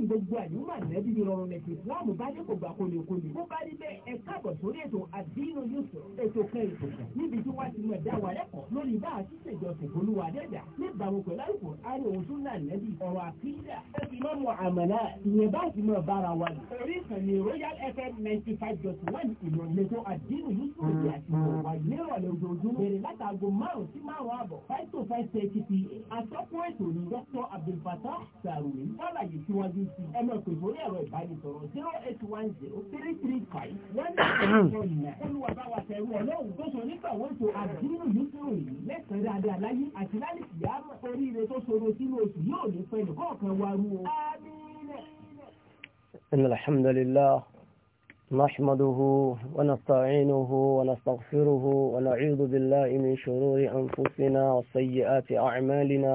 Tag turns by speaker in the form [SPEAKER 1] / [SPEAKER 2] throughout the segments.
[SPEAKER 1] ìsìláàmù gbogbo àyùmọ̀ nẹ́bí ni rọrùn nẹ̀kì ìsìláàmù bá dé kò gbà kólekóle. bó bá rí bẹ́ẹ̀ ẹ káàbọ̀ sórí ètò àdínú yusuf ètò kẹrin kòkò níbi tí wọ́n ti mọ̀ ẹ̀dá wa lẹ́kọ̀ọ́ lórí bá a ti ṣèjọsìn olúwa dẹ́dà níbàámu pẹ̀lú àlùkò àrí òun tún náà nẹ́bí ọ̀rọ̀ àkídà ẹ fi mọ́ mọ́ àmàlà ìyẹn bá ti mọ̀ bára wa lò. orí ìkànnì royal fm ninety five dot one ìrọ̀lẹ́ tó àdínú yusuf òde àti to five thirty pa àtọ́kùn ẹ lọ pè lórí ẹ̀rọ ìbánisọ̀rọ̀ zero eight one zero three three five one nine four nine olùwàbáwà tẹ̀rù ọlọ́run tó sọ nípa wọ́n tó àdúrú yìí kúrò yìí lẹ́sàn-án dáadáa àti láti yá oríire tó ṣòro sínú oṣù yóò ní pẹ́ nìkan kan wá rú o. إن الحمد لله نحمده ونستعينه ونستغفره ونعوذ بالله من شرور أنفسنا وسيئات أعمالنا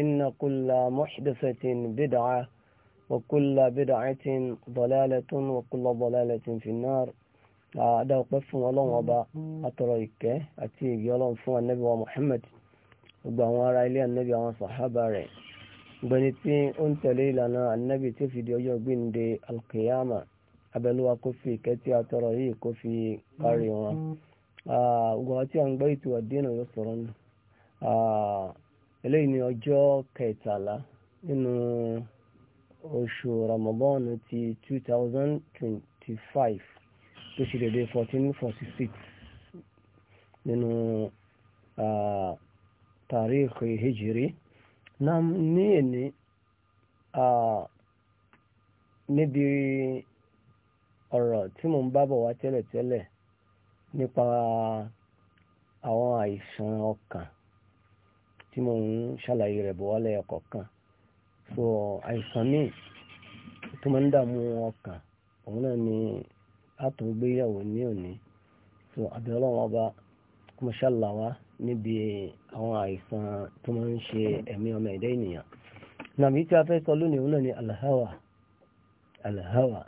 [SPEAKER 1] إن كل محدثة بدعة وكل بدعة ضلالة وكل ضلالة في النار أدعو قفهم الله وبا أتريك أتيك يلون فو النبي ومحمد gbogbo àwọn ará ilé ànábì àwọn sàhábà rẹ̀ gbẹni tí ó ń tẹ̀lé ìlànà ànábì tí ó fi di ọjọ́ gbìnde alkiyama abẹ́lúwa kó fi ìkẹ́tí àtọrọ yìí kó fi kárí wọn. gbogbo àwọn tí a ń gbọ́ ètò àdínà yóò sọ̀rọ̀ nù. eléyìí ni ọjọ́ kẹtàlá nínú oṣù Ramadan ti 2025 tó ṣe dédé 1446 nínú tàríkì hijiri náà ní èní níbi ọ̀rọ̀ tí mo ń bábọ̀ wá tẹ́lẹ̀tẹ́lẹ̀ nípa àwọn àìsàn ọkàn tí mo ń ṣàlàyé rẹ̀ bọ̀ wálẹ̀ ọ̀kọ̀ọ̀kan so àìsàn míì tó máa ń dààmú ọkàn òun náà ni àtúngbéyàwó ní òní so àbí ọlọ́run ọba kó mo ṣàlà wá níbi àwọn àìsàn tó máa ń ṣe ẹ̀mí ọmọ ẹ̀dá ènìyàn nàbí tí a fẹ́ sọ lónìí òun náà ni alhawa alhawa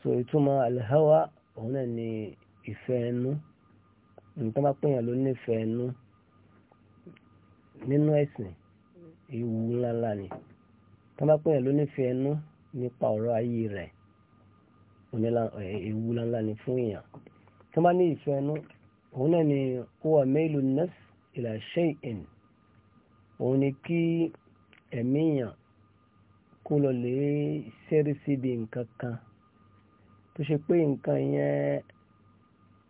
[SPEAKER 1] so ìtumọ̀ alhawa òun náà ni ìfẹ́ ẹnu nǹkan bá pèèyàn ló nífẹ̀ẹ́ ẹnu nínú ẹ̀sìn ewu ńláńlá ni tán bá pèèyàn ló nífẹ̀ẹ́ ẹnu nípa ọ̀rọ̀ ayé rẹ̀ ewu ńláńlá ni fún èèyàn tán bá ní ìfẹ́ ẹnu òun náà ni huwa mailu nafs ila shay'in òun ni kí ẹ̀mí èèyàn kó lọ lè ṣẹ́rí síbi nǹkan kan tó ṣe pé nǹkan yẹn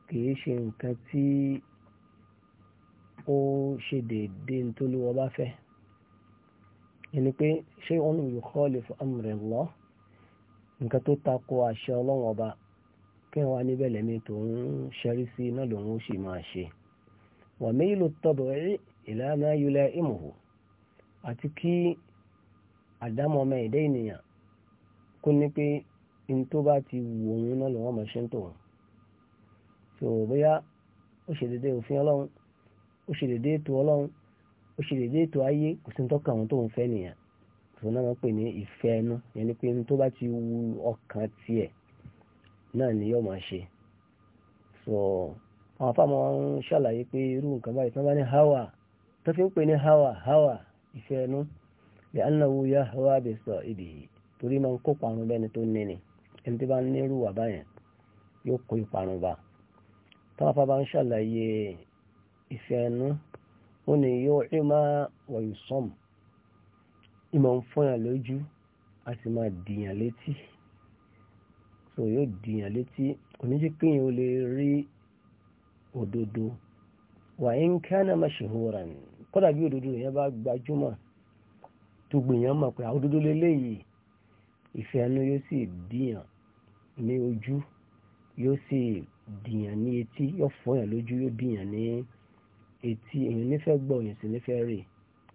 [SPEAKER 1] kìí ṣe nǹkan tí ó ṣe dede nítorí wọ́n bá fẹ́ ẹni pé wọn yóò nǹkan tó àṣẹ ọba kí níbẹ̀ lẹ́mí tó ń sí náà lòun ó sì máa ṣe wa mailu at-tab'i ila ma yula'imuhu àti kí àdámọ́ ọmọ ẹ̀dá ènìyàn kó ní pé n tó bá ti wù òun náà lòun ọmọ ṣe ń bóyá ó ṣe òfin ọlọ́run ó ṣe dédé ètò ọlọ́run ó ṣe dédé ètò ayé kò sí tọ́ka àwọn tó ń fẹ́ nìyẹn òun náà máa pè ní ìfẹ́ ẹnu yẹn ni pé ní tó bá ti wu ọkàn tiẹ̀ náà ni yóò máa ṣe so àwọn afáàmọ́ ń ṣàlàyé pé irú nǹkan báyìí tí bá ní hawa tó fi ń pè ní hawa hawa ìfẹ́ ẹnu lè anáwó yá hawa bẹ̀ sọ ibì torí máa ń kó parun bẹ́ni tó ní ni ẹni tí bá ń nírú wà báyẹn yóò kó ìparun bá táwọn ìfẹ́ ẹnu o ní yóò ìmá wọ̀nyùsọ́m ìmọ̀ ń fọyàn lójú a sì máa dìyàn létí so yóò dìyàn létí oníjìkìyìn ó lè rí òdodo wà ń kánà mashahuran kódà bí òdodo yẹn bá gbajúmọ̀ tó gbìyàn mọ̀ pé òdodo lélẹ́yìí ìfẹ́ yóò sì dìyàn ní ojú yóò sì dìyàn ní etí yóò fọyàn lójú yóò dìyàn ní etí. ètí èyàn nífẹ́ gbọ́ èyàn sì nífẹ́ rè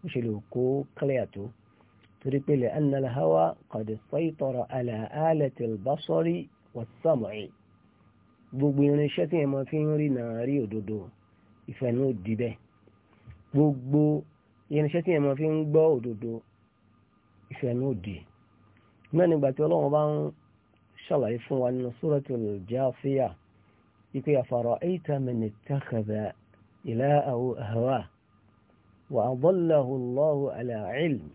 [SPEAKER 1] ó ṣe lè kó clear tó torí pé lẹ́ annala hawa qad saytara ala alati al-basari was-sam'i gbogbo irinṣẹ́ tí yẹn máa fi ń rí náà rí òdodo ìfẹ́nú di bẹ́ẹ̀ gbogbo irinṣẹ́ tí yẹn máa fi ń gbọ́ òdodo ìfẹ́nú di náà nígbà tí ọlọ́run bá ń ṣàlàyé fún wa nínú suratul Jafiyah ipe afara'ayta man ittakhadha إلاءه أهواه وأضله الله على علم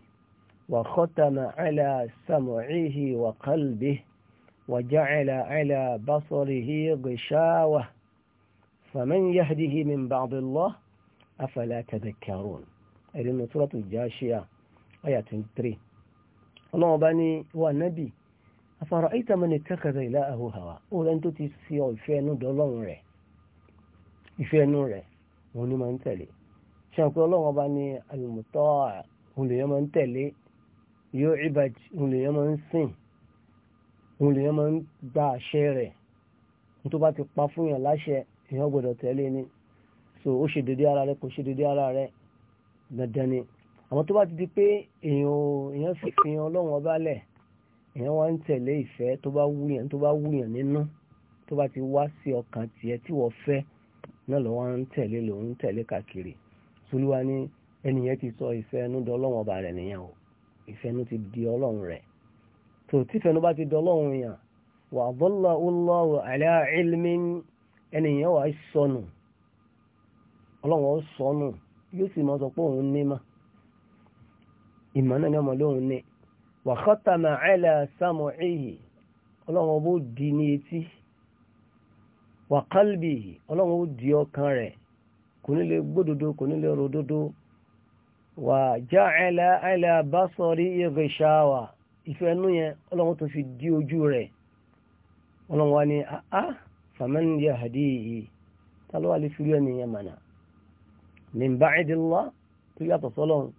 [SPEAKER 1] وختم على سمعه وقلبه وجعل على بصره غشاوة فمن يهده من بعض الله أفلا تذكرون إذن سورة الجاشية آية 3 الله بني والنبي أفرأيت من اتخذ إلهه هواه أولا أنت تسيء الفين دولون ره òun ni máa ń tẹ̀lé ṣe àpé ọlọ́run ọba ní àlùmọ̀tọ́ òun lèèyàn máa ń tẹ̀lé yóò ibàj òun lèèyàn máa ń sìn òun lèèyàn máa ń gba àṣẹ rẹ̀ tó bá ti pa fún yàn láṣẹ èèyàn gbọ́dọ̀ tẹ̀lé ni so ó ṣe dédé ara rẹ kò ṣe dédé ara rẹ dandan ni àwọn tó bá ti di pé èèyàn fi fi hàn ọlọ́run ọba lẹ̀ èèyàn wá ń tẹ̀lé ìfẹ́ tó bá wúyàn tó bá wúyàn nínú tó bá ti wá sí ọkàn tiẹ̀ tí wọ́n fẹ́ náà ló wọ́n ń tẹ̀lé ló ń tẹ̀lé káàkiri tolúwa ní ẹni yẹn ti sọ ìfẹ́ ẹnu di ọlọ́run ọba rẹ̀ nìyẹn o ìfẹ́ ẹnu ti di ọlọ́run rẹ̀ tó tífẹ́ ẹnu bá ti di ọlọ́run yàn wà bọ́lá Allahu ala ilmin ẹni yẹn wà sọnù ọlọ́run ó sọnù yóò sì máa sọ pé òun ní mà ìmọ̀ náà ni ọmọ lóun ní wa khatama ala sam'ihi ọlọ́run ọba ó di ní etí wà kálbì ọlọ́run ó di ọkàn rẹ̀ kò ní lè gbódodo kò ní lè rododo wà já ẹlẹ́ ẹlẹ́ bá sọrí ẹgbẹ́ ṣáwà ìfẹ́ ẹnu yẹn ọlọ́run tó fi di ojú rẹ̀ ọlọ́run wá ní àá fàmẹ́ni yẹ àdé yìí ta ló wà lè fúri ẹni yẹn mànà ní bá ẹdínlá tó yàtọ̀ sọlọ́run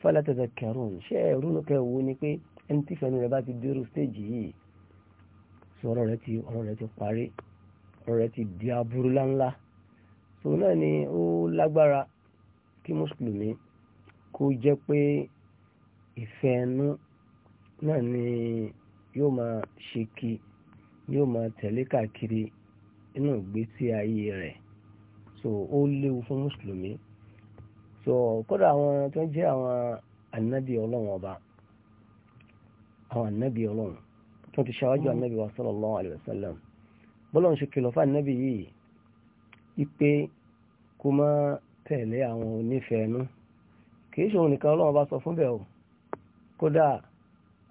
[SPEAKER 1] fẹ́lẹ́ tẹ̀tẹ̀ kẹrùn ṣé ẹ̀rú kẹwò ni pé ẹni tí fẹ́nu rẹ̀ bá ti dérú stéèjì yìí sọ ọ̀rọ̀ rẹ̀ ti parí. ọ̀rẹ́ ti di aburú láńlá so náà ni ó lágbára kí mùsùlùmí kó jẹ́ pé ìfẹ́ ẹnu náà ni yóò máa ṣe kí yóò máa tẹ̀lé káàkiri inú ìgbésí ayé rẹ̀ so ó léwu fún mùsùlùmí so kódà àwọn tó jẹ́ àwọn ànábì ọlọ́run ọba àwọn ànábì ọlọ́run tó ti ṣáwájú ànábì wa sallallahu alaihi bọ́lọ̀ ń ṣe kìlọ̀ fún ànábì yìí ipe kó má tẹ̀lé àwọn onífẹ̀ẹ́nu kìí ṣe òun nìkan ọlọ́run bá sọ fún bẹ́ẹ̀ o kódà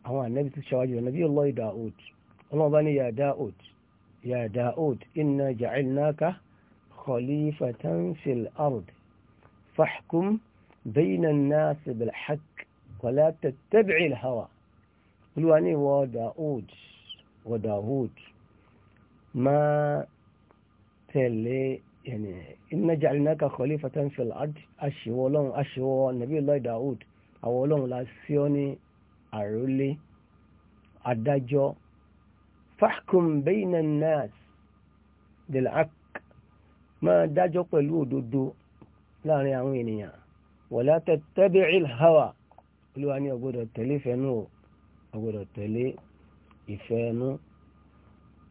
[SPEAKER 1] àwọn ànábì tó ṣáwájú rẹ̀ nàbí Allah Daud ọlọ́run bá ní ya Daud ya Daud inna ja'alnaka khalifatan fil ard fahkum bayna an-nasi bil haqq wa la hawa olúwa ní ìwọ Daud wọ Daud máa tẹ̀lé yẹnì inna ja'alnaka khalifatan fil ard aṣèwọ́ ọlọ́run aṣèwọ́ Nabiyullah Daud àwọn ọlọ́run la sí ọ ní àrólé adájọ́ fahkum bayna an-nas bil haqq máa dájọ́ pẹ̀lú òdodo láàrin àwọn ènìyàn wala tattabi'il hawa olúwa ní ò gbọ́dọ̀ tẹ̀lé ìfẹ́nu ò gbọ́dọ̀ tẹ̀lé ìfẹ́nu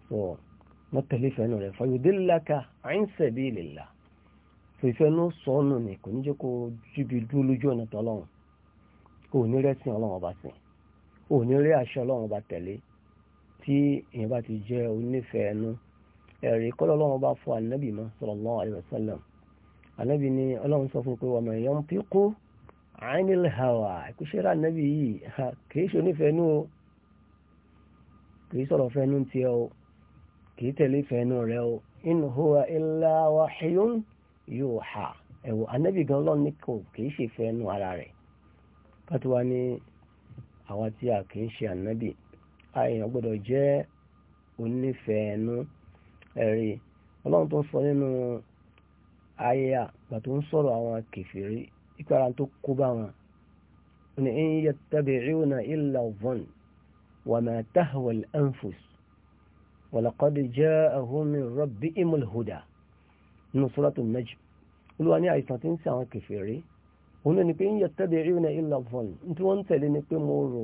[SPEAKER 1] sọ̀rọ̀ wọ́n tẹ̀lé ìfẹ́nu rẹ̀ fayodélaka àìsẹ̀bí ìlèlà tó ìfẹ́nu sọ́ọ̀nù ni kò ní jẹ́ kó jíbi dúró lójú ọ̀nà tọ́lọ́run ò ní rẹ́sìn ọlọ́run ọba sìn ò ní rí àṣẹ ọlọ́run ọba tẹ̀lé tí èèyàn bá ti jẹ́ onífẹ̀ẹ́ ẹnu ẹ̀rí kọ́ lọ́lọ́run ọba fún anábì mọ́ sallallahu alaihi wasallam anábì ni ọlọ́run sọ fún pé wọ́n mọ̀ ẹ̀yọ́ ń pín kìí tẹ̀lé fẹ́nu rẹ̀ o in huwa illa wahyun yuha ẹ̀wò anábì gan lọ́n ní kò kìí ṣe fẹ́nu ara rẹ̀ kátó wá ní àwa tí a kìí ṣe anábì àyàn gbọ́dọ̀ jẹ́ onífẹ̀ẹ́nu ẹ̀rí ọlọ́run tó sọ nínú ayéyà gbà tó ń sọ̀rọ̀ àwọn kèfèrí ìpara tó kó bá wọn ní in yattabi'una illa dhann wa ma tahwa al walaqad ja'ahum min rabbihimul huda nínú suratul najm olúwa ní àìsàn tí ń ṣe àwọn kèfèrí òun ní pé ń yattabi'una illa dhann tí wọ́n ń tẹ̀lé ni pé mo rò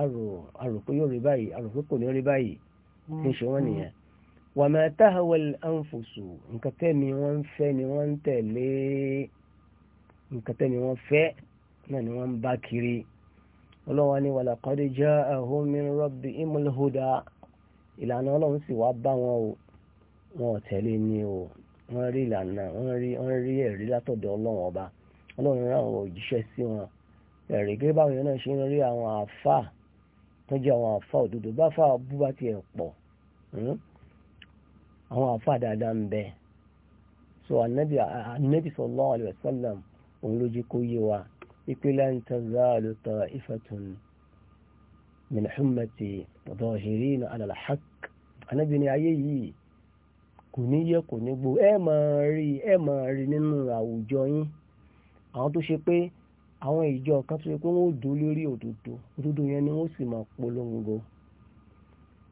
[SPEAKER 1] àrò àrò pé yóò rí báyìí àrò pé kò ní rí báyìí tí ń ṣe wọ́n nìyẹn wa ma tahwal anfusu nǹkan tẹ́mi wọ́n ń fẹ́ ni wọ́n ń tẹ̀lé nǹkan tẹ́mi wọ́n fẹ́ náà ni wọ́n ń bá kiri ọlọ́wọ́ ni walaqad ja'ahum min rabbihimul huda ìlànà ọlọ́run sì wá bá wọn o wọn ò tẹ̀lé ni o wọ́n rí ìlànà wọ́n rí wọ́n rí ẹ̀rí látọ̀dọ̀ ọlọ́run ọba ọlọ́run rán àwọn òjíṣẹ́ sí wọn ẹ̀rí gẹ́gẹ́ báwọn yẹn náà ṣe ń rí àwọn àfà tó jẹ́ àwọn àfà òdodo bá fà bú bá tiẹ̀ pọ̀ hmm? àwọn àfà dáadáa ń bẹ so anabi anabi sallallahu alayhi wa sallam òun ló jẹ́ kó yé wa ìpínlẹ̀ ń tẹ̀lé àlùtọ̀ ìfẹ̀tùn min ummati zahirina ala al-haqq anábì ní ayé yìí kò ní yẹ kò ní gbó ẹ máa rí ẹ máa rí nínú àwùjọ yín àwọn tó ṣe pé àwọn ìjọ kan tó ṣe pé wọn ò dó lórí òdodo òdodo yẹn ni wọn sì máa polongo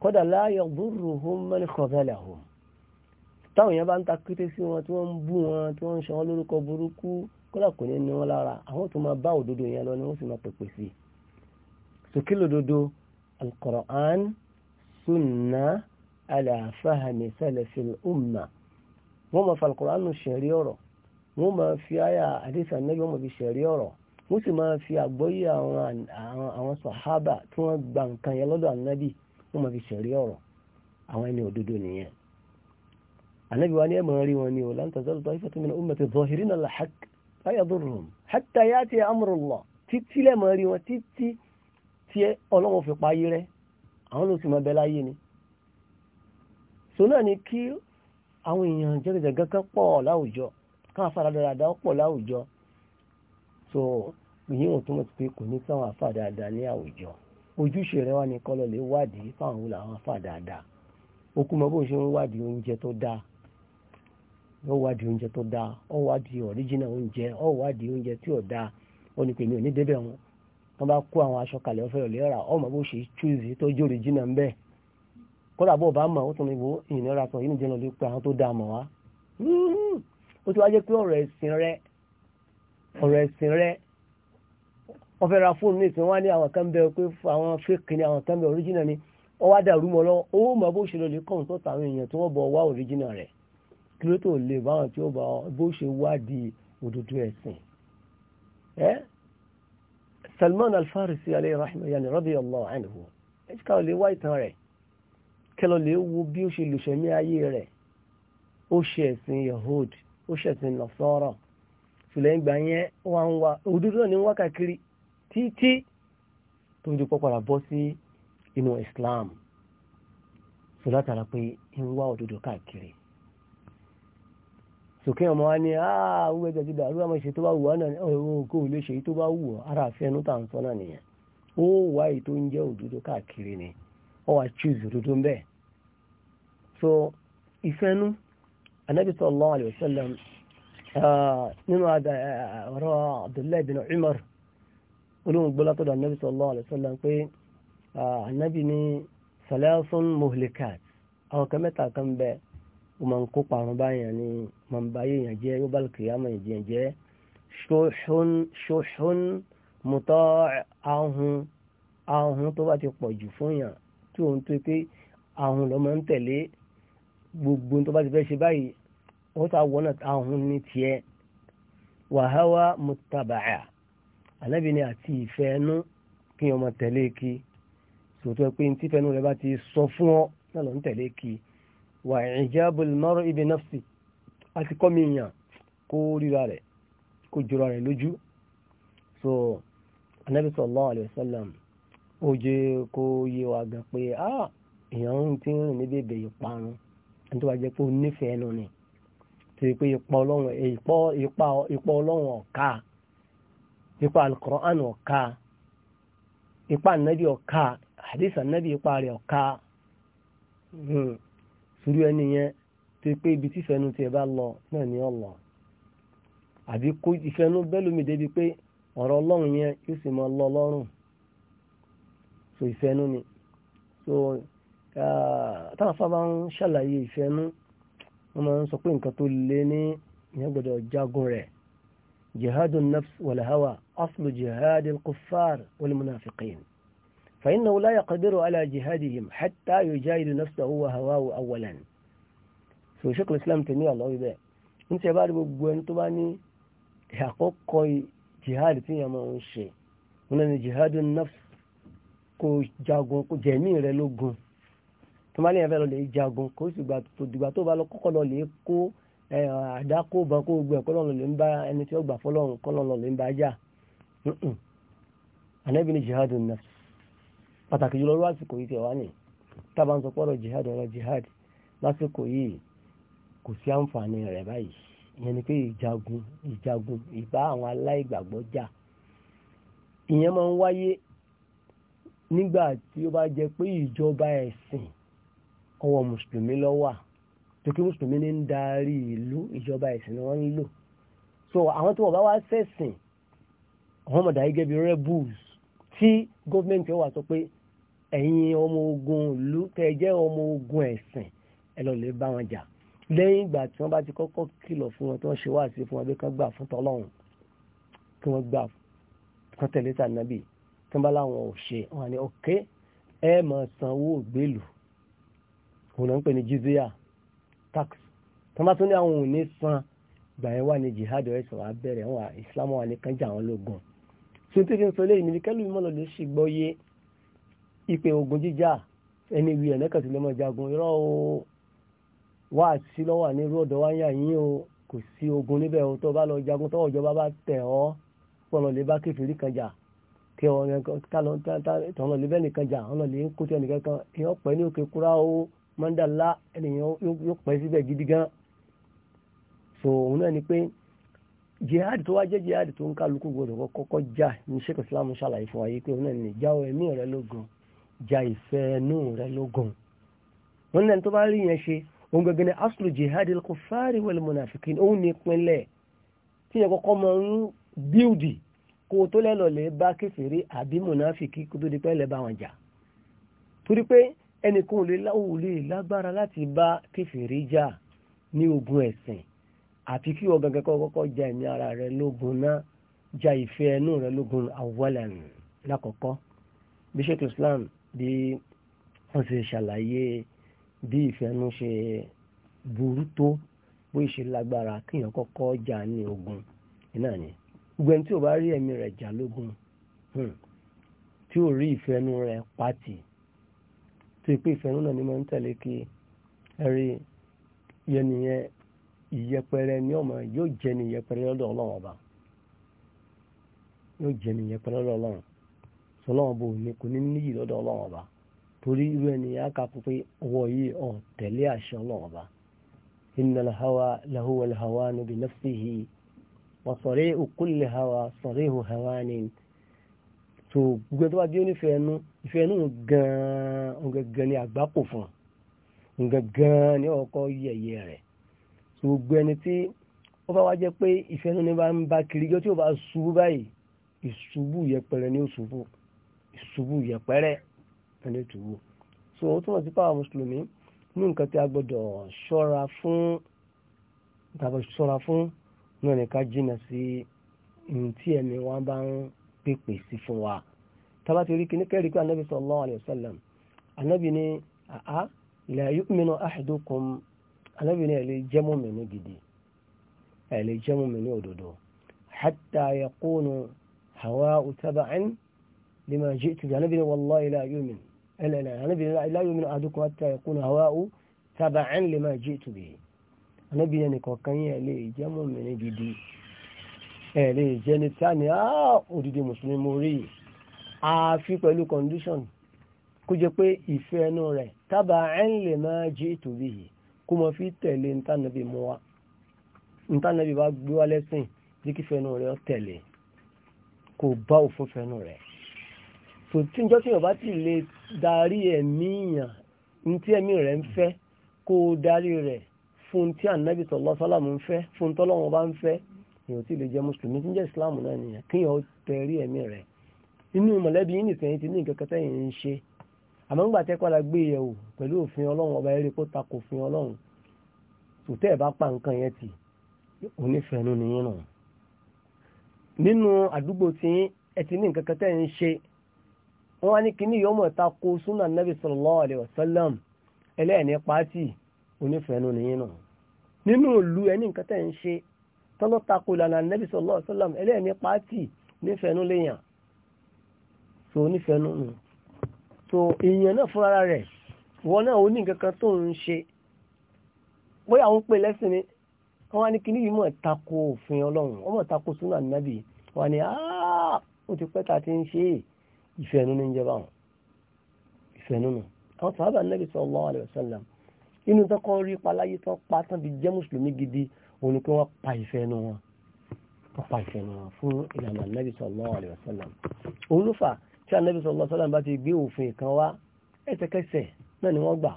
[SPEAKER 1] kódà la yadurruhum man khazalahum táwọn yẹn bá ń ta kété sí wọn tí wọn ń bú wọn tí wọn ń ṣe wọn lórúkọ burúkú kódà kò ní ní wọn lára àwọn tó máa bá òdodo ni wọn sì máa pèpè sí i sòkè lòdodo alqur'an sunna ala fahmi salafil umma wọ́n máa fa alqur'an ṣẹ̀rí ọ̀rọ̀ wọ́n máa fi àyà àdìsá nẹ́bí wọ́n máa fi ṣẹ̀rí ọ̀rọ̀ wọ́n sì máa fi àgbọ́yé àwọn sàhábà tí wọ́n gba nǹkan yẹn lọ́dọ̀ ànábì wọ́n máa fi ṣẹ̀rí ọ̀rọ̀ àwọn ẹni òdodo nìyẹn ànábì wa ni ẹ̀ máa rí wọn ni ò láǹtàzọ́lù ta'ifatun min ummati zahirina al-haqq la yadurruhum hatta ya'tiya amrullah títí lẹ́ẹ̀ máa rí wọn títí tí ọlọ́run fi payé rẹ àwọn ló sì mọ bẹ láyé ni so náà ni kí àwọn èèyàn jẹ́gẹ̀jẹ̀gẹ́ kan pọ̀ láwùjọ káwọn afárá pọ̀ láwùjọ so ìyẹn ò túmọ̀ sí pé kò ní sáwọn afá dáadáa ní àwùjọ ojúṣe rẹ wá ní kọ́lọ̀ lè wádìí fáwọn òun làwọn afá dáadáa okùn mọ bó ṣe ń wádìí oúnjẹ tó dáa ó wádìí oúnjẹ tó dáa ó wádìí ọ̀ríjìnà oúnjẹ ó wádìí oúnjẹ tí ò dáa ó ní pèmí ò ní débẹ̀ wọn wọ́n bá kó àwọn aṣọ kalẹ̀ ọ̀fẹ́ òlẹ́ rà ọmọ bó ṣe chúùsì tó jó original ń bẹ́ẹ̀ kódà bó bá mọ̀ ó tún níbo ìnira kan yìí nìjẹ́nu lè pe àwọn tó dáa mọ̀ wá hmm. ó ti wá jẹ́ pé ọ̀rọ̀ ẹ̀sìn rẹ ọ̀rọ̀ ẹ̀sìn rẹ wọ́n fẹ́ ra fóònù nìsín wọ́n á ní àwọn kan bẹ pé àwọn fake ni àwọn kan bẹ original ni wọ́n wá dàrú mọ́ lọ ó mọ̀ bó ṣe lọ lè Salman al-Farisi alayhi rahma yani radiyallahu anhu ẹ̀ṣì ká lè wá ìtàn rẹ̀ kẹlọ lè wo bí ó ṣe lùṣẹ̀mí ayé rẹ̀ ó ṣe ẹ̀sìn Yahud ó ṣe ẹ̀sìn Nasara ṣùlẹ̀ ìgbà yẹn wà ń wa òdúdú náà ní wákàkiri títí tó ń dúpọ̀ padà bọ́ sí inú Islam ṣùlátara pé ń wá òdúdú káàkiri sòkè ọmọ wa ní àwọn ah, ẹgbẹ́ ti dàrú àmọ́ ìṣe tó bá wù wá náà ọ̀hún kò lè ṣe èyí tó bá wù ọ́ ara àfẹnú tà ń sọ náà nìyẹn ó wá èyí tó ń jẹ́ òdodo káàkiri ni ọ wá chúùsì òdodo ń so ìfẹ́nu anabi sallallahu alayhi wa sallam ah, nínú ah, ọ̀rọ̀ abdullahi bin umar olóhùn gbọ́lá tó dà anabi sallallahu alayhi wa sallam pé anabi ní muhlikat àwọn kan mẹ́ta kan ó máa ń kó parun báyàn ni máa ń ba ayé èèyàn jẹ́ yóò bá kìyàmọ̀ èèyàn jẹ́ ṣoṣun mọ́tọ́ ahun ahun tó bá ti pọ̀ jù fún yàn tí òun tó pé ahun lọ́ máa ń tẹ̀lé gbogbo tó bá ti fẹ́ ṣe báyìí ó ta wọ́n náà ahun ní tiẹ̀ wàháwá mọ́tàbàá ànábì ni àti ìfẹ́ kí ọmọ tẹ̀lé kí sòtọ́ pé ní tífẹ́nu rẹ bá ti sọ fún ọ náà lọ́ ń tẹ̀lé kí. wà ìjábọ̀ mọ́rọ̀ ibi nafsi àti kọ́mi èèyàn kó ríra rẹ̀ kó rẹ̀ lójú so anabi sallallahu alayhi ó jẹ́ kó wa gan pé ah èèyàn ti ń rìn níbi ìbẹ̀ ẹni tó jẹ́ pé ó nífẹ̀ẹ́ ẹnu ni tó yẹ ipa ọlọ́run ipa ọlọ́run ipa anabi ọ̀ka anabi ipa sórí ẹni yẹn tó pé ibi tí ìfẹ́nu tiẹ̀ bá lọ náà ni ó lọ àbí kó ìfẹ́nu bẹ́lómi débi pé ọ̀rọ̀ ọlọ́run yẹn yóò sì máa lọ lọ́rùn so ìfẹ́nu ni so táwọn afá bá ń ṣàlàyé ìfẹ́nu wọ́n máa ń sọ pé nǹkan tó le ní ìyẹn gbọ́dọ̀ jagun rẹ̀ jihadun nafs wal hawa aslu jihadil kuffar فإنه لا يقدر على جهادهم حتى يجاهد نفسه وهواه أولا so Sheikh Islam tèmi àlọ́wí bẹ́ẹ̀ ń tẹ́ bá rí gbogbo ẹni tó bá ní àkọ́kọ́ jihad tí yẹn máa ń ṣe wọn ni jihad nafs kò jagun kò jẹ̀mí rẹ lógun tó bá ní ẹ̀fẹ́ lọ lè jagun kò sì gbà tó dìgbà tó bá lọ kọ́kọ́ lọ lè kó àdákóbá kó gbẹ kọ́lọ́ lọ lè ń bá ẹni tí ó gbà fọlọ́run kọ́lọ́ lọ lè ń bá jà ànábì ni jihad nafs pàtàkì jùlọ lọ́wọ́ àsìkò yìí tẹ̀wá nì tábà ń sọ pọ́rọ̀ jihad ọ̀rọ̀ jihad lásìkò yìí kò sí àǹfààní rẹ̀ báyìí ìyẹn ni pé ìjagun ìjagun ìbá àwọn aláìgbàgbọ́ jà ìyẹn máa ń wáyé nígbà tí ó bá jẹ pé ìjọba ẹ̀sìn ọwọ́ mùsùlùmí ló tó kí mùsùlùmí ní ń darí ìlú ìjọba ẹ̀sìn ni wọ́n ń lò so àwọn tí wọ́n bá wá ṣẹ̀sìn àwọn ọmọdé gẹ́gẹ́ bí rebels tí gọ́ọ̀mẹ̀ntì wà sọ pé ẹ̀yin ọmọ ogun ìlú tẹ́jẹ́ ọmọ ogun ẹ̀sìn ẹ lọ lè bá wọn jà lẹ́yìn ìgbà tí wọ́n bá ti kọ́kọ́ kìlọ̀ fún wọn tí wọ́n ṣe wá sí fún wọn bí kan gbà fún tọ́lọ́run kí wọ́n gbà kan tẹ̀lé tànàbì tí wọ́n bá láwọn ò ṣe wọn ni ọ̀kẹ́ ẹ máa sanwó ògbélù òun náà ń pè ní jizya tax tí wọ́n bá tún ní àwọn ò ní san gbà yẹn wà ní jihad ẹ̀sọ̀ wà bẹ̀rẹ̀ wọn islam wà ní kánjà àwọn lógun. sotigi ń sọ lẹ́yìn ní kẹ́lù mọ́lọ́dún ṣì gbọ́ yé ìpè ogun jíjà ẹni ìwé ẹ̀lẹ́kẹ̀sì lẹ́mọ̀ jagun irọ́ o wá sí lọ́wọ́ ní irú ọ̀dọ̀ wáyà yín o kò sí ogun níbẹ̀ o tó bá lọ jagun tọ́wọ́ ìjọba bá tẹ̀ ọ́ pọ̀lọ̀ lè bá kéferì kan jà kí ọ̀nà lè bẹ́ẹ̀ nìkan jà ọ̀nà lè ń kó tí ẹnìkan èèyàn pẹ́ ní òkè kúrá o mọ́ndàlá ènìyàn yóò pẹ́ síbẹ̀ gidi gan so òun náà ni pé jihad tó wá jẹ́ jihad tó ń kálukú gbọdọ̀ kọ́kọ́ jà ní sèkè islam ṣàlàyé fún wa yìí pé òun náà ni ìjáwọ́ ẹ̀mí rẹ lógun ja ìfẹ́ ẹnu rẹ lógun wọn lẹ́nu tó bá rí yẹn ṣe òun gẹ́gẹ́ ní aslu jihadil kuffari wal munafiqin òun ní ìpínlẹ̀ tí yẹn kọ́kọ́ mọ ń bíldì kó tó lẹ́lọ lè bá kèfèrí àbí mùnàfíkì kó tó di pẹ́lẹ̀ bá wọn jà torí pé ẹnìkan ò lè lágbára láti bá kèfèrí jà ní ogun ẹ̀sìn àti kí wọ́n gẹ́gẹ́ kọ́kọ́ ja ẹ̀mí ara rẹ lógun náà ja ìfẹ́ ẹnu rẹ lógun awwalan lákọ̀ọ́kọ́ bishop islam bí wọ́n ṣe ṣàlàyé bí ìfẹ́núṣe burú tó bó ṣe lágbára kíyàn kọ́kọ́ jà ní ogun náà ni gbogbo ẹni tí ò bá rí ẹ̀mí rẹ̀ jà lógun hmm, tí ò rí ìfẹ́nu rẹ̀ pátì tí pé ìfẹ́nu náà ni máa ń tẹ̀lé kí ẹ̀rí yẹnìyẹn ìyẹpẹrẹ ní ọmọ yóò jẹ́ ni ìyẹpẹrẹ lọ́dọ̀ ọlọ́run ọba yóò jẹ́ ni ìyẹpẹrẹ lọ́dọ̀ ọlọ́run sọlọ́wọ́n bò ní kò ní níyì lọ́dọ̀ ọlọ́wọ́n ọba torí irú ẹni àkàkù pé ọwọ́ yìí ọ̀ tẹ̀lé àṣẹ ọlọ́wọ́n ọba innal hawa lahu wal hawanu bi nafsihi wa sari'u kulli hawa sari'u hawanin tó gbogbo tó bá bí ó nífẹ̀ẹ́ ẹnu ìfẹ́ ẹnu gan-an gangan ni àgbákò fún un gangan ni ọkọ̀ yẹ̀yẹ̀ rẹ̀ tó gbogbo ẹni tí ó bá wá jẹ́ pé ìfẹ́ ni bá ń bá kiri jọ tí ó bá ṣubú báyìí ìṣubú yẹpẹrẹ ni ó ṣubú ìṣubú yẹpẹrẹ ẹni ìtùwò so ó túmọ̀ sí pàwọn mùsùlùmí ní nǹkan tí a gbọ́dọ̀ ṣọ́ra fún tàbí ṣọ́ra fún náà ní ká jìnnà sí ohun tí ẹ̀mí wọn bá ń pèpè sí fún wa tábà ti rí kí ní kẹ́rì pé anábì sallallahu alayhi wa sallam anábì ní àá la yu'minu ahadukum anábì ní ẹ̀lẹ́ jẹ́mọ́ mi ní gidi ẹ̀lẹ́ jẹ́mọ́ mi ní òdodo hatta yakunu hawa'u taba'an لما جئت به نبي والله لا يؤمن لا لا نبي لا يؤمن أحدكم حتى يكون هواء تبعا لما جئت به نبي أن يكون لي جم من جدي لي جن الثاني آه أريد مسلم موري àfi pẹ̀lú condition kó jẹ pé ìfẹ́ ẹnu rẹ̀ tábà ẹ̀ń lè máa jẹ́ ìtòbí yìí kó mọ fi tẹ̀lé ntánàbí mọ́ wa ntánàbí bá gbé wa lẹ́sìn díkì fẹ́nu rẹ̀ tẹ̀lé kò bá òfin fẹ́nu rẹ̀ so tí njọ́ tí yóò bá ti lè darí ẹ̀mí yàn ní tí ẹ̀mí rẹ̀ ń fẹ́ kó o darí rẹ̀ fún tí ànábì sallallahu alaihi wasallam ń fẹ́ fún tọ́lọ́wọ́n bá ń fẹ́ èèyàn tí lè jẹ́ mùsùlùmí tí ń jẹ́ islam náà nìyẹn kí yóò tẹ̀rí ẹ̀mí rẹ̀ inú mọ̀lẹ́bí yìí nìkan ti ní nǹkan kẹta yìí ń ṣe àmọ́ ńgbà tẹ́ padà gbé yẹ̀wò pẹ̀lú òfin ọlọ́run ọba ẹ ti ní nǹkan kẹta yìí ń ṣe wọ́n wá ní kíní yóò mọ̀ ta ko súnà nàbì sallallahu alaihi wasallam ẹlẹ́ẹ̀ní pàtì onífẹ̀ẹ́nu nìyí nù nínú ìlú ẹni nǹkan tẹ̀ ń ṣe tọ́lọ́ ta ko ìlànà nàbì sallallahu alaihi wasallam ẹlẹ́ẹ̀ní pàtì nífẹ̀ẹ́nu léyàn so onífẹ̀ẹ́nu nù so èèyàn náà fúnra rẹ̀ wọn náà ó ní bóyá àwọn pè lẹ́sìn ni wọ́n wá ní kíní yìí òfin ọlọ́run wọ́n mọ̀ ta súnà nàbì wọ́n ní ó ti pẹ́ ti ń ṣe é ìfẹ́ ẹnu ní ìjọba wọn ìfẹ́ ẹnu nù àwọn sàábà nẹ́bí sallallahu alaihi wasallam inú tó kọ́ rí paláyé tó pa tán fi jẹ́ mùsùlùmí gidi òun ni pé wọ́n pa ìfẹ́ ẹnu wọn wọ́n pa ìfẹ́ ẹnu wọn fún ìlànà nẹ́bí sallallahu alaihi wasallam òun ló fà tí anẹ́bí sallallahu alaihi wasallam bá ti gbé òfin kan wá ẹsẹ̀kẹsẹ̀ náà ni wọ́n gbà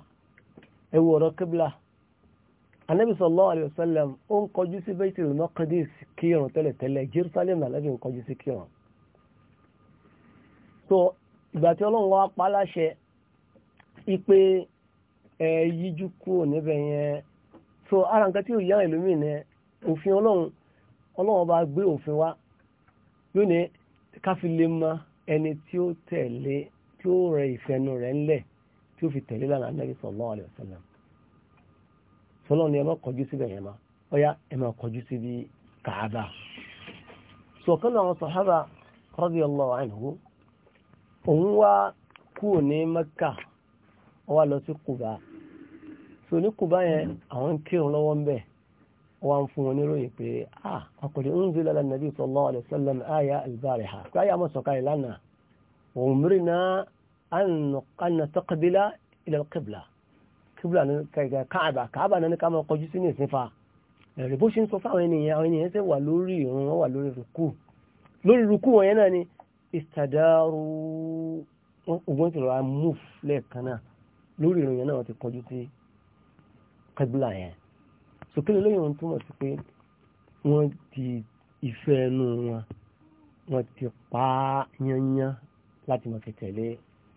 [SPEAKER 1] ẹ ọ̀rọ̀ kíbla anẹ́bí sallallahu alaihi wasallam ó ń so ìgbà tí ọlọ́run wá pa láṣẹ ipe ẹ yíjú kúrò níbẹ̀ yẹn so ara nǹkan tí ò yá ẹlòmíì ni òfin ọlọ́run ọlọ́run bá gbé òfin wá lónìí káfí lè mọ ẹni tí ó tẹ̀lé tí ó rẹ ìfẹ́nu rẹ̀ ńlẹ̀ tí ó fi tẹ̀lé lánàá Ànábì sallallahu alaihi wasallam ni ẹ máa kọjú síbẹ̀ yẹn máa ọya ẹ máa kọjú síbi Kàábà sọ̀kan náà àwọn sàhábà radiyallahu òun wá kúrò ní Mẹ́kà ó wá lọ sí Kùbá so ní Kùbá yẹn àwọn ń kírun lọ́wọ́ ń bẹ̀ wọ́n ń fún wọn pé ah ọkùnrin ń zi lọ́la nàbí sallallahu alaihi àyà al na pé àyà mọ̀ sọ̀kalẹ̀ òun mìíràn náà àna taqbila ila al-qibla qibla ní káàbà káàbà náà ní ká máa kọjú sí ní ìsinfa ẹ̀rẹ̀ bó ṣe ń sọ fáwọn ènìyàn àwọn ènìyàn wà lórí wọn wà lórí lórí wọn yẹn náà ni istadaru ogun ti rọra move lẹ́ẹ̀kan náà lórí ìrìn yẹn náà wọ́n ti kọjú sí kẹbílà yẹn sókèlè lóyìn wọn túmọ̀ sí pé wọ́n ti ìfẹ́ ẹnu wọn wọ́n ti pa yányán láti máa fi tẹ̀lé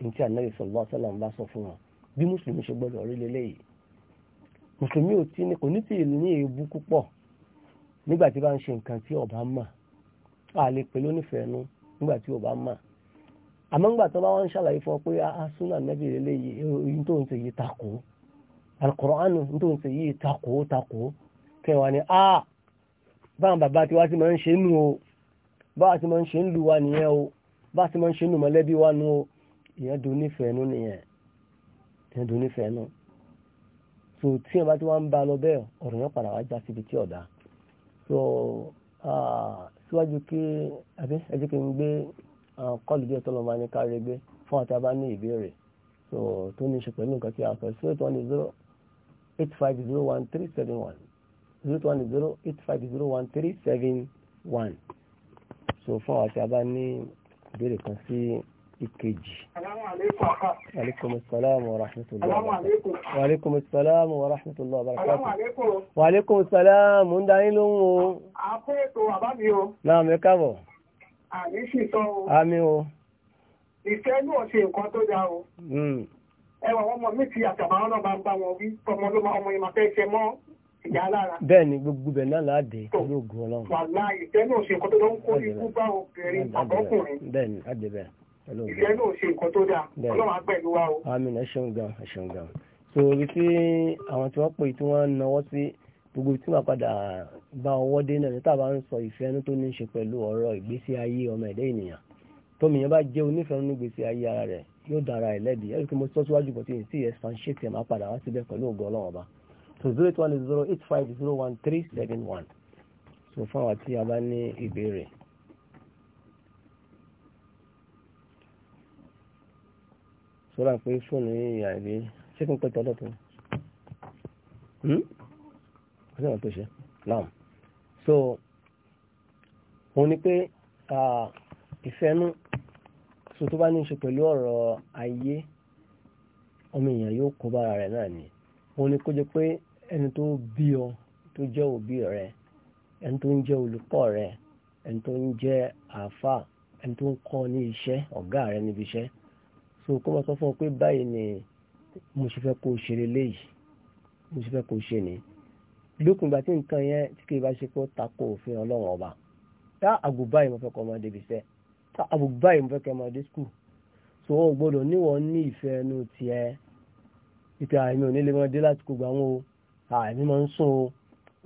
[SPEAKER 1] ní tí ànábì sallallahu alaihi wasallam bá sọ fún wọn bí mùsùlùmí ṣe gbọ́dọ̀ rí lélẹ́yìí mùsùlùmí ò tí kò ní tí ní èébú púpọ̀ nígbà tí bá ń ṣe nǹkan tí ọba mà á lè pè lónífẹ̀ẹ́ nu nígbà tí ò bá mà àmọ́ nígbà tó bá wọ́n ń ṣàlàyé fún ọ pé asúnà ah, ah, nẹ́bí lélẹ́ yìí tó ń ṣe yìí takò alukọ̀rọ̀ánù tó ń ṣe yìí takò takò kẹwàá ni a ah, báwọn bàbá tí wá sí máa ń ṣe nù o báwa sí máa ń ṣe ń lu wa nìyẹn o báwa sí máa ń ṣe so tí síwájú kí àbí ẹjẹ́ kí n gbé kọ́ọ̀lù díẹ̀ tó lọ máa ní kárí gbé fún àti abá ní ìbéèrè tó ní ṣe pẹ̀lú nǹkan tí a sọ sí eight one zero eight five zero one three seven one zero one zero eight five zero one three seven one so fún àti abá ní ìbéèrè kan sí ìkejì. Aleykum salaam wa rahmatulah. Wa aleykum salaam wa rahmatulah barakatu. Wa aleykum salaam ń dání ló ń wo. A fẹ́ ètò bàbá mi o. Náà mi kábọ̀. Àní sì sọ o. Àmì o. Ìfẹ́ náà ṣe nǹkan tó dáa o. Hmm. Ẹwà wọn mọ mí ti àtàbà wọn náà bá ń bá wọn wí. Ọmọ ló máa ọmọ yìí fẹ́ ṣe mọ́ gbogbo bẹ̀ náà láàdé ló gùn ọlọ́run. Wàlá ìfẹ́ náà ṣe ń kó ikú bá obìnrin àbọ́kùnrin. Bẹ́ẹ̀ni, á ìfẹ́ náà ṣe nǹkan tó dáa ọlọ́run á pẹ̀lú wa o. àmín ẹ ṣeun gan ẹ ṣeun gan so ibi tí àwọn tí wọ́n pè tí wọ́n náwó sí gbogbo tí wọ́n padà bá ọwọ́ dé náà níta bá ń sọ ìfẹ́ ẹnu tó ní í ṣe pẹ̀lú ọ̀rọ̀ ìgbésí ayé ọmọ ẹ̀dẹ́ ènìyàn tómìyàn bá jẹ́ onífẹ̀ẹ́ nínú ìgbésí ayé ara rẹ̀ yóò dára ẹ̀ lẹ́bi ẹ̀rí pé mo sọ síwájú bọ̀ tí n sí ẹ̀sán ṣe tẹ̀ máa padà wá síbẹ̀ pẹ̀lú ògo ọlọ́run ọba so zero eight one zero eight five zero one three seven one so fún àwọn tí a bá ní ìbéèrè. sọ́ra pé fóònù yìí àìlè ṣé kí pẹ́ tọ́lọ̀ tó ṣé tó ṣe náà so òun ni pé ìfẹ́nu so tó bá ní ṣe pẹ̀lú ọ̀rọ̀ ayé ọmọ èèyàn yóò kó bára rẹ̀ náà ni òun ni kó jẹ́ pé ẹni tó bí ọ tó jẹ́ òbí rẹ ẹni tó ń jẹ́ olùkọ́ rẹ ẹni tó ń jẹ́ àáfà ẹni tó ń kọ́ ní iṣẹ́ ọ̀gá rẹ níbi iṣẹ́ so kó máa sọ fún ọ pé báyìí ni mo ṣe fẹ́ kó ṣe lélẹ́yìí mo ṣe fẹ́ kó ṣe ni lókun ìgbà tí nǹkan yẹn tí kì í bá ṣe kó tako òfin ọlọ́run ọba tá àgò báyìí mo fẹ́ kọ́ ọmọdé bìí sẹ́ tá àgò báyìí mo fẹ́ kọ́ ọmọdé skul so ó gbọ́dọ̀ níwọ̀ ní ìfẹ́ ẹnu tiẹ̀ ìpè àìmí ò nílé mọ́dé láti kó gbà wọn o àìmí máa ń sún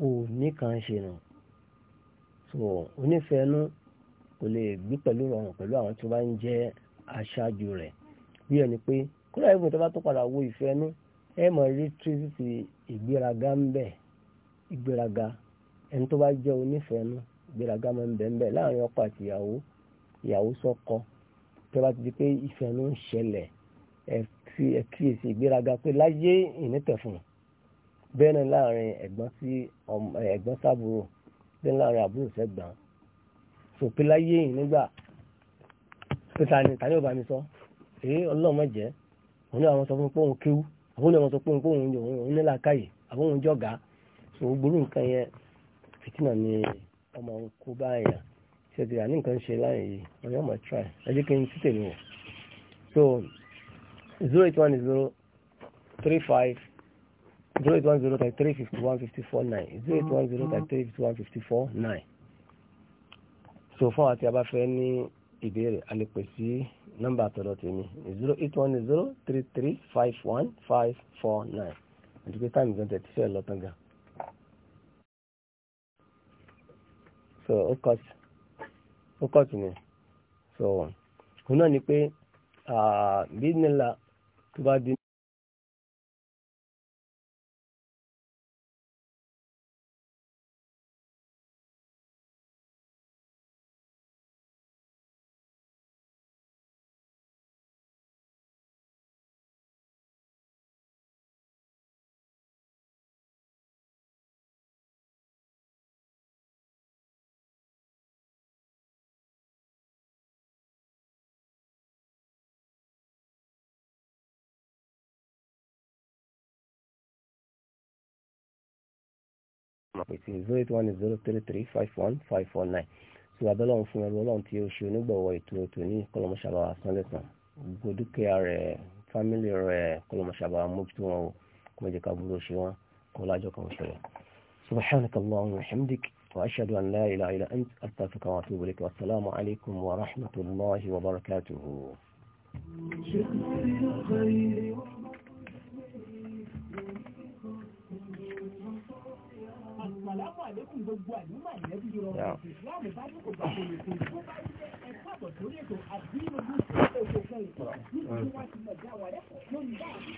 [SPEAKER 1] o ò ní kàn ṣe nù so onífẹ́ ẹnu kò lè gbé pẹ̀lú ọ̀ràn pẹ̀lú àwọn tó bá ń jẹ́ aṣáájú rẹ̀ bí ẹni pé kódà ìbò tó bá tó padà wo ìfẹ́ nú ẹ mọ̀ rí tírísìtì ìgbéraga ń bẹ ìgbéraga ẹni tó bá jẹ́ onífẹ̀ẹ́ nú ìgbéraga máa ń bẹ ń bẹ láàrin ọkọ àti ìyàwó ìyàwó sọ́kọ tó bá ti di pé ìfẹ́ nú ń ṣẹlẹ̀ ẹ kíyèsí ìgbéraga pé láyé ìnítẹ̀fún bẹ́ẹ̀ ni láàrin ẹ̀gbọ́n sí ẹ̀gbọ́n sábúrò bẹ́ẹ̀ láàrin àbúrò sẹ́gbọ́n sòpé ìnígbà pé ta ni ta ni ò bá mi sọ. So èyí ọlọ́run má jẹ́ òun ní àwọn sọ fún pé òun kéwú àbúrò ní àwọn sọ pé òun pé òun ní làákàyè àbúrò òun jọ̀gá òun gbóró nǹkan yẹn fìtínà ni ọmọ òun kó báyà tí ó ti ní nǹkan ṣe láàyè yìí ọ̀rẹ́ ọmọ try ẹ kí n títẹ̀ mi wọ̀ so zero eight one zero three five zero eight one zero thirty three fifty one fifty four nine zero eight one zero thirty three fifty one fifty four nine so fún àti abáfẹ́ ní ìbéèrè a lè nọ́mbà tọ̀dọ̀ tèmi zero eight one zero three three five one five four nine àti pé táìmì gan tẹ̀tí fẹ́ lọ́tàn gan. so ó kọ́tù ó kọ́tù ni so òun náà ni pé ah, bínílà tó bá di mọ̀ pé sí zero eight one zero three three five one five four nine tí wàá bẹ́lọ̀ ń fún ẹrú ọlọ́run tí ó ṣe onígbọ̀wọ́ ètò ètò ní kọlọmọṣàbà sunderson gbogbo dúkìá rẹ̀ fámìlì rẹ̀ kọlọmọṣàbà mójútó wọn o kò mọ̀ jẹ́ ká burú ṣe wọn kó lájọ́ kan ṣẹlẹ̀. subhanaka allahumma wa wa ashhadu an la ilaha illa ant astaghfiruka wa atubu ilayk wa assalamu alaykum wa rahmatullahi wa barakatuhu. gbogbo àdúgbò àyẹ̀bí rọrùn láàmú bá ní kò gbà kò lè kó tó bá yẹ ẹ̀ka àbọ̀ sórí ètò àbí lójú sí ètò ìfẹ́ ìtọ́ nítorí wọ́n ti mọ̀ dá wà lẹ́kọ̀ọ́ lórí báyìí.